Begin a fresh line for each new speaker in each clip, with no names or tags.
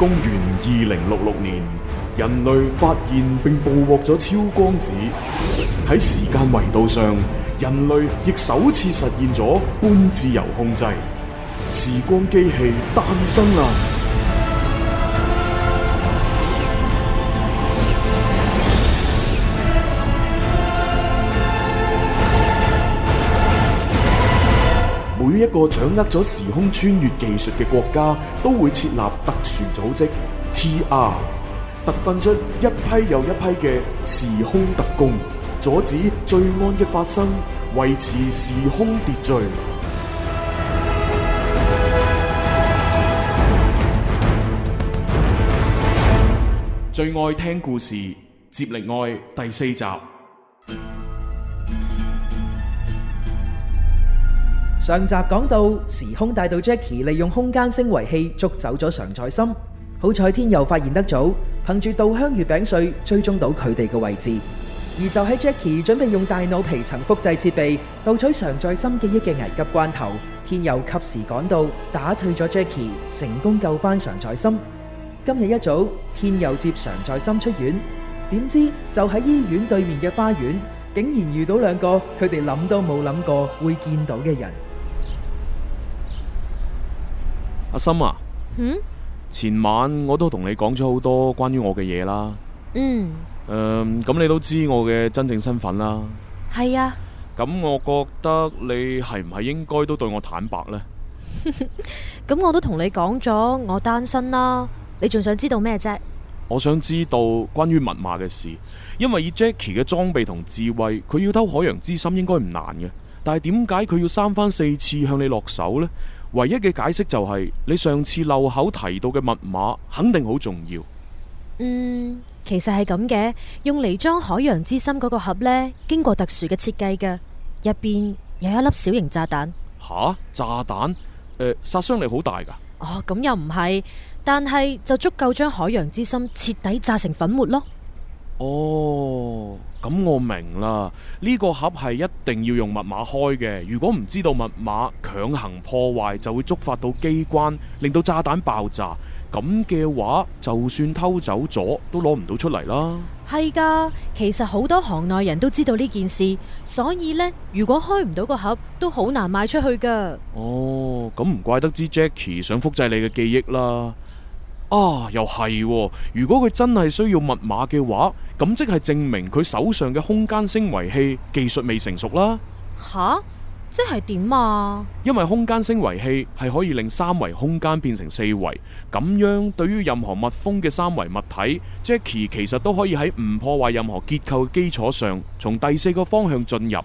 公元二零六六年，人類發現並捕獲咗超光子，喺時間維度上，人類亦首次實現咗半自由控制，時光機器誕生啦，啊！一個掌握咗時空穿越技術嘅國家，都會設立特殊組織 TR，特訓出一批又一批嘅時空特工，阻止罪案嘅發生，維持時空秩序。最愛聽故事接力愛第四集。
上集講到時空大盜 Jacky 利用空間升維器捉走咗常在心，好彩天佑發現得早，憑住稻香月餅碎追蹤到佢哋嘅位置。而就喺 Jacky 準備用大腦皮層複製設備盜取常在心記憶嘅危急關頭，天佑及時趕到，打退咗 Jacky，成功救翻常在心。今日一早，天佑接常在心出院，點知就喺醫院對面嘅花園，竟然遇到兩個佢哋諗都冇諗過會見到嘅人。阿森啊，嗯、
前晚我都同你講咗好多關於我嘅嘢啦。嗯，嗯咁你都知我嘅真正身份啦。
係啊。
咁我覺得你係唔係應該都對我坦白呢？
咁 我都同你講咗我單身啦，你仲想知道咩啫？
我想知道關於密碼嘅事，因為以 Jacky 嘅裝備同智慧，佢要偷海洋之心應該唔難嘅，但係點解佢要三番四次向你落手呢？唯一嘅解釋就係、是、你上次漏口提到嘅密碼肯定好重要。
嗯，其實係咁嘅，用嚟裝海洋之心嗰個盒呢，經過特殊嘅設計嘅，入邊有一粒小型炸彈。
吓，炸彈？誒、呃，殺傷力好大噶
哦，咁又唔係，但係就足夠將海洋之心徹底炸成粉末咯。
哦。咁我明啦，呢個盒係一定要用密碼開嘅。如果唔知道密碼，強行破壞就會觸發到機關，令到炸彈爆炸。咁嘅話，就算偷走咗，都攞唔到出嚟啦。
係噶，其實好多行內人都知道呢件事，所以呢，如果開唔到個盒，都好難賣出去噶。
哦，咁唔怪得知 Jackie 想複製你嘅記憶啦。啊，又係喎。如果佢真係需要密碼嘅話，咁即係證明佢手上嘅空間升維器技術未成熟啦。
吓，即係點啊？
因為空間升維器係可以令三維空間變成四維，咁樣對於任何密封嘅三維物體，Jacky 其實都可以喺唔破壞任何結構嘅基礎上，從第四個方向進入。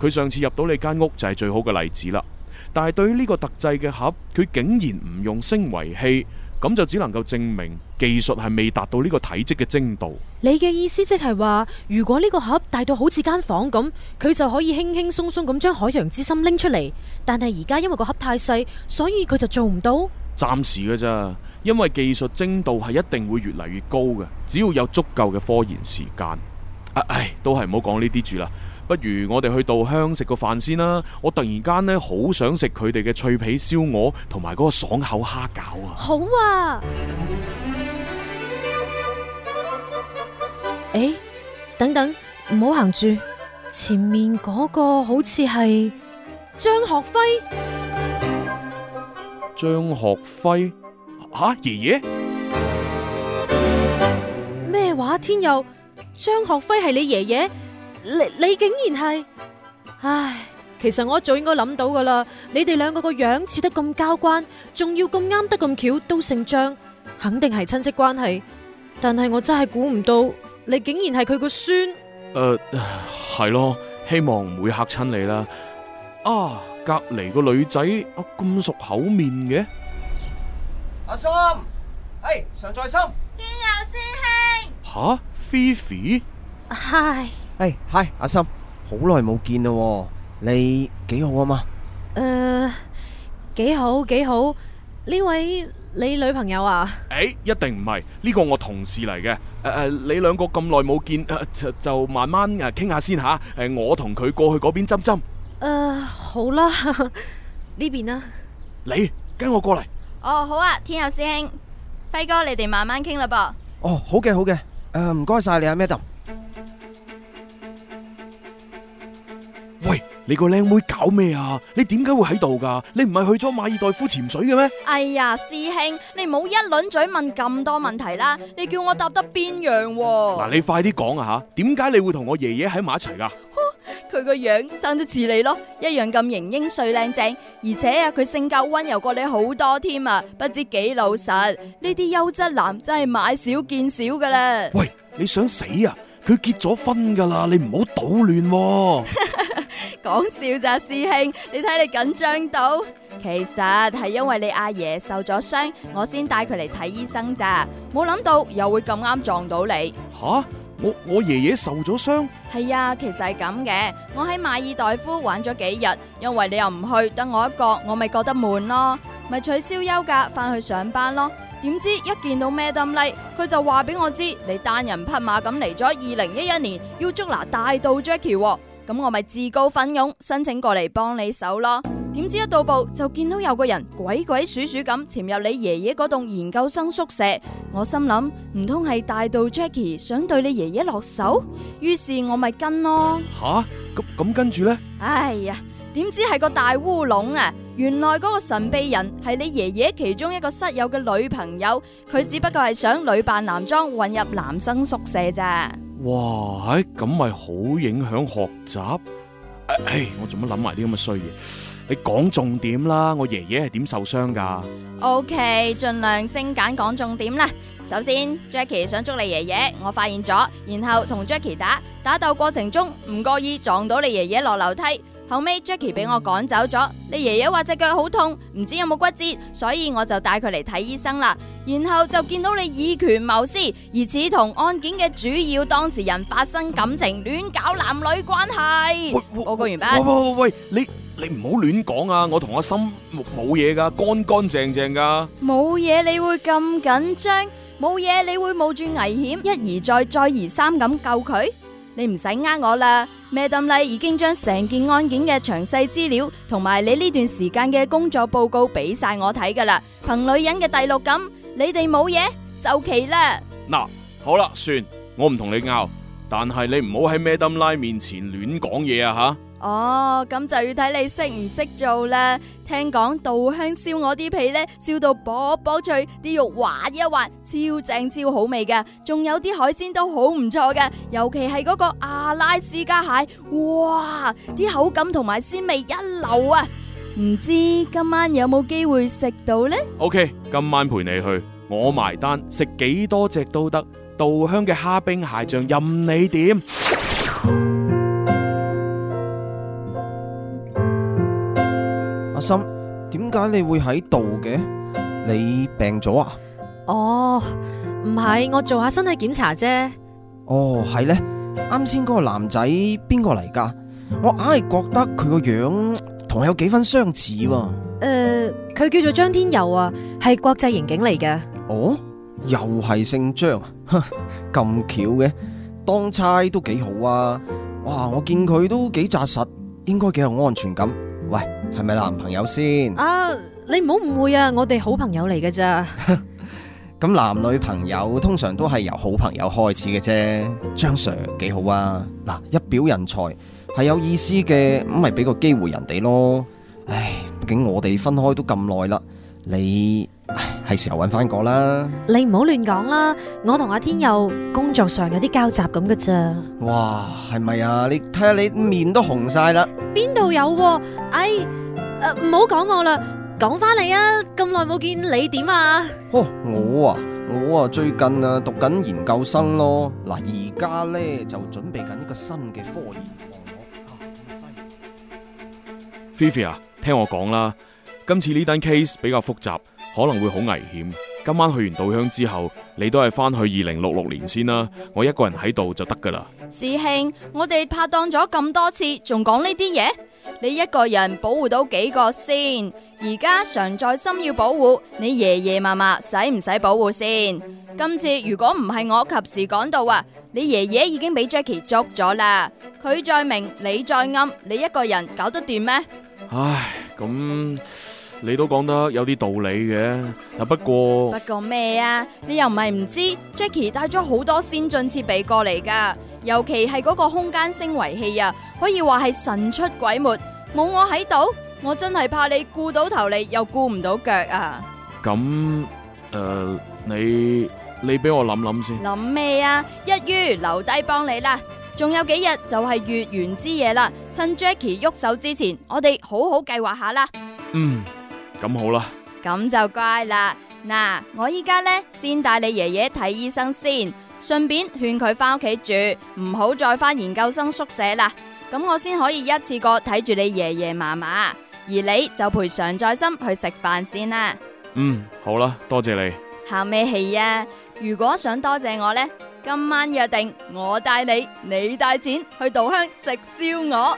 佢上次入到你間屋就係最好嘅例子啦。但係對於呢個特製嘅盒，佢竟然唔用升維器。咁就只能夠證明技術係未達到呢個體積嘅精度。
你嘅意思即係話，如果呢個盒大到好似間房咁，佢就可以輕輕鬆鬆咁將海洋之心拎出嚟。但係而家因為個盒太細，所以佢就做唔到。
暫時嘅咋，因為技術精度係一定會越嚟越高嘅，只要有足夠嘅科研時間。啊，唉，都係唔好講呢啲住啦。不如我哋去稻香食個飯先啦！我突然間咧好想食佢哋嘅脆皮燒鵝同埋嗰個爽口蝦餃
啊！好啊！誒、欸，等等，唔好行住，前面嗰個好似係張學輝。
張學輝？吓、啊，爺爺？
咩話？天佑，張學輝係你爺爺？你你竟然係，唉，其實我一早應該諗到噶啦，你哋兩個個樣似得咁交關，仲要咁啱得咁巧都姓張，肯定係親戚關係。但係我真係估唔到，你竟然係佢個孫。
誒，係咯，希望唔會嚇親你啦。啊，隔籬個女仔咁熟口面嘅。
阿心，誒，常在心，天佑師兄。
吓，菲
菲。嗨。誒，Hi，阿心，好耐冇見啦，你
幾好啊嘛？
誒，幾好幾好，呢位你女朋友啊？
誒，一定唔係，呢個我同事嚟嘅。誒誒，你兩個咁耐冇見，就就慢慢誒傾下先吓。誒，我同佢過去嗰邊斟斟。
誒，
好啦，呢邊啊。
你跟我過嚟。
哦，好啊，天佑師兄，輝哥，你哋慢慢傾啦噃。
哦，好嘅，好嘅。誒，唔該晒你
啊，Madam。你個靚妹搞咩啊？你點解會喺度噶？你唔係去咗馬爾代夫潛水嘅咩？
哎呀，師兄，你唔好一輪嘴問咁多問題啦！你叫我答得邊樣？嗱，
你快啲講啊吓！點解你會同我爺爺喺埋一齊噶？
佢個樣生得似你咯，一樣咁型英帥靚正，而且啊，佢性格溫柔過你好多添啊！不知幾老實，呢啲優質男真係買少見少噶啦！
喂，你想死啊？佢結咗婚噶啦，你唔好搗亂喎。
講笑咋師兄。你睇你緊張到，其實係因為你阿爺受咗傷，我先帶佢嚟睇醫生咋，冇諗到又會咁啱撞到你。
吓，我我爺爺受咗傷？
係啊，其實係咁嘅。我喺馬爾代夫玩咗幾日，因為你又唔去，得我一個，我咪覺得悶咯，咪取消休假，翻去上班咯。點知一見到咩燈呢？佢就話俾我知你單人匹馬咁嚟咗二零一一年，要捉拿大盜 Jacky。咁我咪自告奮勇申請過嚟幫你手咯。點知一到步就見到有個人鬼鬼祟祟咁潛入你爺爺嗰棟研究生宿舍。我心諗唔通係大盜 Jacky 想對你爺爺落手，於是我咪跟咯。
吓，咁跟住呢？
哎呀，點知係個大烏龍啊！原來嗰個神秘人係你爺爺其中一個室友嘅女朋友，佢只不過係想女扮男裝混入男生宿舍咋。
哇，咁咪好影響學習。唉，我做乜諗埋啲咁嘅衰嘢？你講重點啦，我爺爺係點受傷噶
？OK，盡量精簡講重點啦。首先，Jacky 想捉你爺爺，我發現咗，然後同 Jacky 打，打鬥過程中唔覺意撞到你爺爺落樓梯。後尾 Jacky 俾我趕走咗，你爺爺話隻腳好痛，唔知有冇骨折，所以我就帶佢嚟睇醫生啦。然後就見到你以權謀私，疑似同案件嘅主要當事人發生感情，亂搞男女關係。我講完啦。喂喂
喂，你你唔好亂講啊！我同阿心冇嘢噶，乾乾淨淨噶。
冇嘢你會咁緊張？冇嘢你會冒住危險，一而再再而三咁救佢。你唔使呃我啦，咩 a d 已經將成件案件嘅詳細資料同埋你呢段時間嘅工作報告俾晒我睇噶啦，憑女人嘅第六感，你哋冇嘢就奇啦。
嗱，好啦，算，我唔同你拗，但係你唔好喺咩 a d 面前亂講嘢啊吓。
哦，咁就要睇你識唔識做啦。聽講稻香燒我啲皮呢，燒到薄薄脆，啲肉滑一滑，超正超好味㗎。仲有啲海鮮都好唔錯㗎，尤其係嗰個阿拉斯加蟹，哇，啲口感同埋鮮味一流啊！唔知今晚有冇機會食到呢
？OK，今晚陪你去，我埋單，食幾多隻都得。稻香嘅蝦兵蟹將任你點。
點解你會喺度嘅？你病咗啊？
哦，唔係，我做下身體檢查啫。
哦，係咧。啱先嗰個男仔邊個嚟噶？我硬係覺得佢個樣同有幾分相似。誒，
佢叫做張天佑啊，係、呃、國際刑警嚟嘅。
哦，又係姓張，咁巧嘅，當差都幾好啊。哇，我見佢都幾紮實，應該幾有安全感。喂。係咪男朋友先？
啊，你唔好誤會啊，我哋好朋友嚟㗎咋。
咁男女朋友通常都係由好朋友開始嘅啫。張 Sir 幾好啊，嗱，一表人才，係有意思嘅，咁咪俾個機會人哋咯。唉，畢竟我哋分開都咁耐啦，你，唉。係時候揾翻個啦！
你唔好亂講啦，我同阿天佑工作上有啲交集
咁噶咋。哇，係咪啊？你睇下你面都紅晒啦！
邊度有？哎，誒，唔好講我啦，講翻你啊！咁耐冇見你點啊？
啊哦，我啊，我啊最近啊讀緊研究生咯。嗱，而家咧就準備緊一個新嘅科研項目。吓，咁咪犀
利！菲菲啊，ivia, 聽我講啦，今次呢單 case 比較複雜。可能會好危險。今晚去完稻香之後，你都係翻去二零六六年先啦。我一個人喺度就得噶啦。
師兄，我哋拍檔咗咁多次，仲講呢啲嘢？你一個人保護到幾個先？而家常在心要保護你爺爺嫲嫲，使唔使保護先？今次如果唔係我及時趕到啊，你爺爺已經俾 Jacky 捉咗啦。佢再明，你再暗，你一個人搞得掂咩？
唉，咁。你都講得有啲道理嘅，不過。不
過咩啊？你又唔係唔知，Jacky 帶咗好多先進設備過嚟噶，尤其係嗰個空間升維器啊，可以話係神出鬼沒。冇我喺度，我真係怕你顧到頭嚟又顧唔到腳啊。
咁誒、呃，你你俾我諗諗先。
諗咩啊？一於留低幫你啦。仲有幾日就係月圓之夜啦，趁 Jacky 喐手之前，我哋好好計劃下啦。
嗯。咁好啦，
咁就乖啦。嗱，我依家呢，先帶你爺爺睇醫生先，順便勸佢翻屋企住，唔好再翻研究生宿舍啦。咁我先可以一次過睇住你爺爺嫲嫲，而你就陪常在心去食飯先啦。
嗯，好啦，多謝你。
喊咩氣呀？如果想多謝我呢，今晚約定，我帶你，你帶錢去稻香食燒鵝。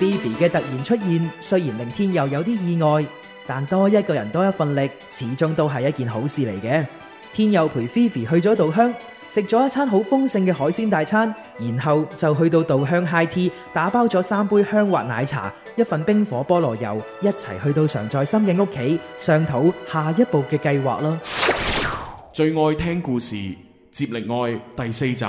菲 i f i 嘅突然出現，雖然令天佑有啲意外，但多一個人多一份力，始終都係一件好事嚟嘅。天佑陪菲 i i 去咗稻香，食咗一餐好豐盛嘅海鮮大餐，然後就去到稻香 Hi Tea，打包咗三杯香滑奶茶，一份冰火菠蘿油，一齊去到常在心嘅屋企，商討下一步嘅計劃咯。
最愛聽故事，接力愛第四集。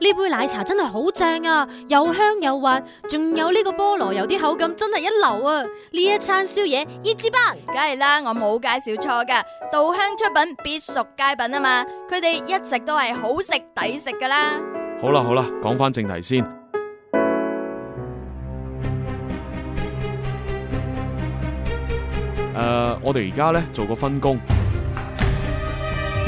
呢杯奶茶真係好正啊，又香又滑，仲有呢
個菠蘿油啲口感真係一流啊！呢一餐宵夜，一支棒，梗係啦，我冇介紹錯噶，稻香出品必屬佳品啊嘛，佢哋一直都係好食抵食噶啦。
好啦好啦，講翻正題先。誒，uh，我哋而家咧做個分工。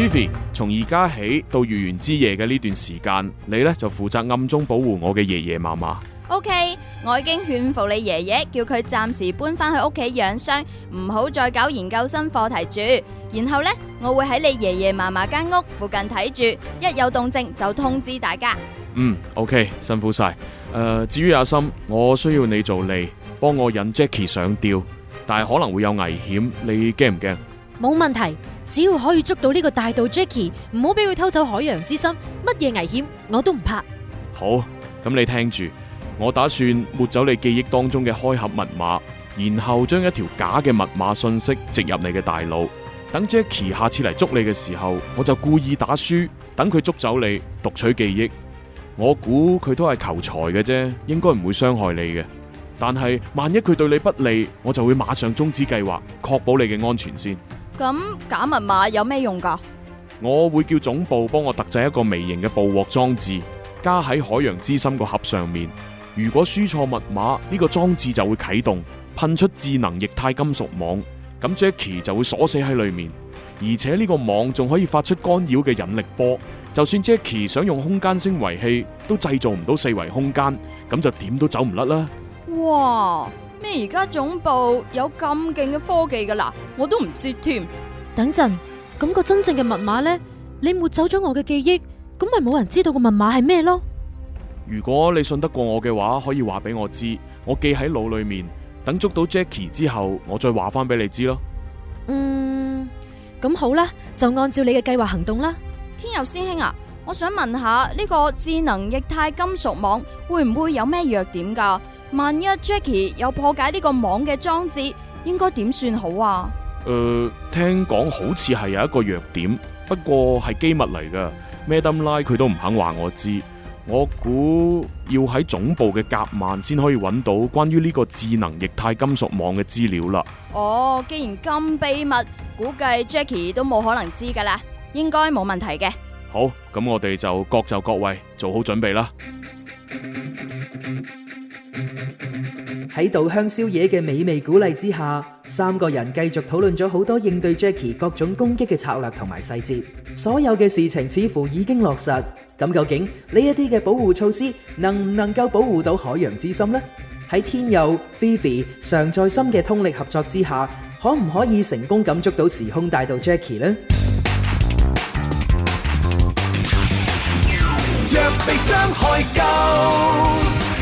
FiFi，從而家起到月圓之夜嘅呢段時間，你呢就負責暗中保護我嘅爺爺嫲嫲。
OK，我已經勸服你爺爺，叫佢暫時搬翻去屋企養傷，唔好再搞研究生課題住。然後呢，我會喺你爺爺嫲嫲間屋附近睇住，一有動靜就通知大家。
嗯，OK，辛苦曬。誒，至於阿心，我需要你做嚟，幫我引 Jacky 上吊，但係可能會有危險，你驚唔驚？
冇問題。只要可以捉到呢個大盜 Jacky 唔好俾佢偷走海洋之心，乜嘢危險我都唔怕。
好，咁你聽住，我打算抹走你記憶當中嘅開合密碼，然後將一條假嘅密碼信息植入你嘅大腦。等 Jacky 下次嚟捉你嘅時候，我就故意打輸，等佢捉走你，讀取記憶。我估佢都係求財嘅啫，應該唔會傷害你嘅。但係萬一佢對你不利，我就會馬上終止計劃，確保你嘅安全先。
咁假密碼有咩用噶？
我會叫總部幫我特製一個微型嘅捕獲裝置，加喺海洋之心個盒上面。如果輸錯密碼，呢個裝置就會啟動，噴出智能液態金屬網，咁 Jacky 就會鎖死喺裏面。而且呢個網仲可以發出干擾嘅引力波，就算 Jacky 想用空間升維器都製造唔到四維空間，咁就點都走唔甩啦。
哇！咩？而家總部有咁勁嘅科技噶啦，我都唔知添。等陣，咁個真正嘅密碼呢？你抹走咗我嘅記憶，咁
咪冇人知道個密碼係咩咯？
如果你信得過我嘅話，可以話俾我知，我記喺腦裏面。等捉到 Jacky 之後，我再話翻俾你知咯。
嗯，咁好啦，就按照你嘅
計劃行動啦。
天佑師兄啊，我想問下呢個智能液態金屬網會唔會有咩弱點噶？萬一 Jacky 有破解呢個網嘅裝置，應該點算好啊？
誒、呃，聽講好似係有一個弱點，不過係機密嚟噶，Madam 拉佢都唔肯話我知。我估要喺總部嘅夾萬先可以揾到關於呢個智能液態金屬網嘅資料啦。
哦，既然咁秘密，估計 Jacky 都冇可能知噶啦，應該冇問題嘅。
好，咁我哋就各就各位，做好準備啦。
喺稻香宵夜嘅美味鼓勵之下，三個人繼續討論咗好多應對 Jacky 各種攻擊嘅策略同埋細節。所有嘅事情似乎已經落實。咁究竟呢一啲嘅保護措施能唔能夠保護到海洋之心呢？喺天佑、Fifi 常在心嘅通力合作之下，可唔可以成功捕捉到時空大盜 Jacky 呢？
若被傷害夠。